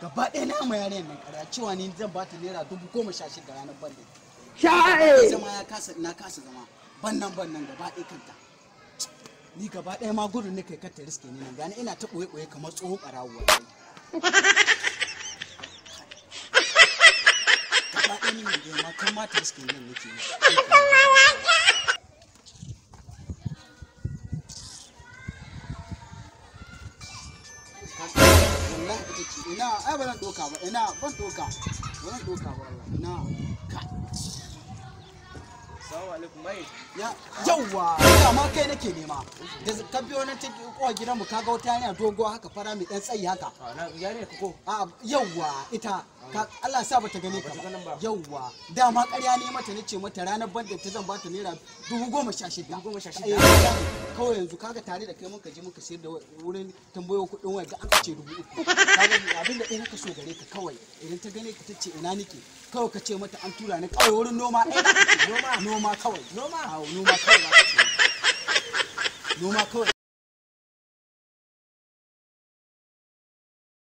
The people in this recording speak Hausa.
gaba ɗaya na ma yare nan kara cewa ni zan ba ta naira dubu goma sha shida ranar ban nan sha'e zama ya kasa na kasa zama ban nan ban nan gaba ɗaya kanta ni gaba ɗaya ma gudun ne kai kanta riske ne nan gani ina ta ɓoye ɓoye kamar tsohon ɓarawo gaba ɗaya ni ne ma kan ma ta riske ne nan nake yi wallahi ita ce ina ai ba zan doka ba ina ban doka ba zan doka ba wallahi ina Yawwa, ma kai nake nema. Da ka biyo nan ta kowa gidan mu kaga wata yana doguwa haka fara mai dan tsayi haka. A yawwa ita Allah sa bata gane ka Yawwa, dama ƙarya ne mata nace mata ranar banda ta zan bata naira dubu goma sha shida. goma sha shida. Eh, kawai yanzu kaga tare da kai muka je muka sayar da wurin tambayo kuɗin waya ga an ce dubu uku. abinda ɗaya ka so gare ka kawai idan ta gane ka ta ce ina nake. kawai ka ce mata an tura ni kawai wurin noma eh, noma noma kawai noma kawai noma kawai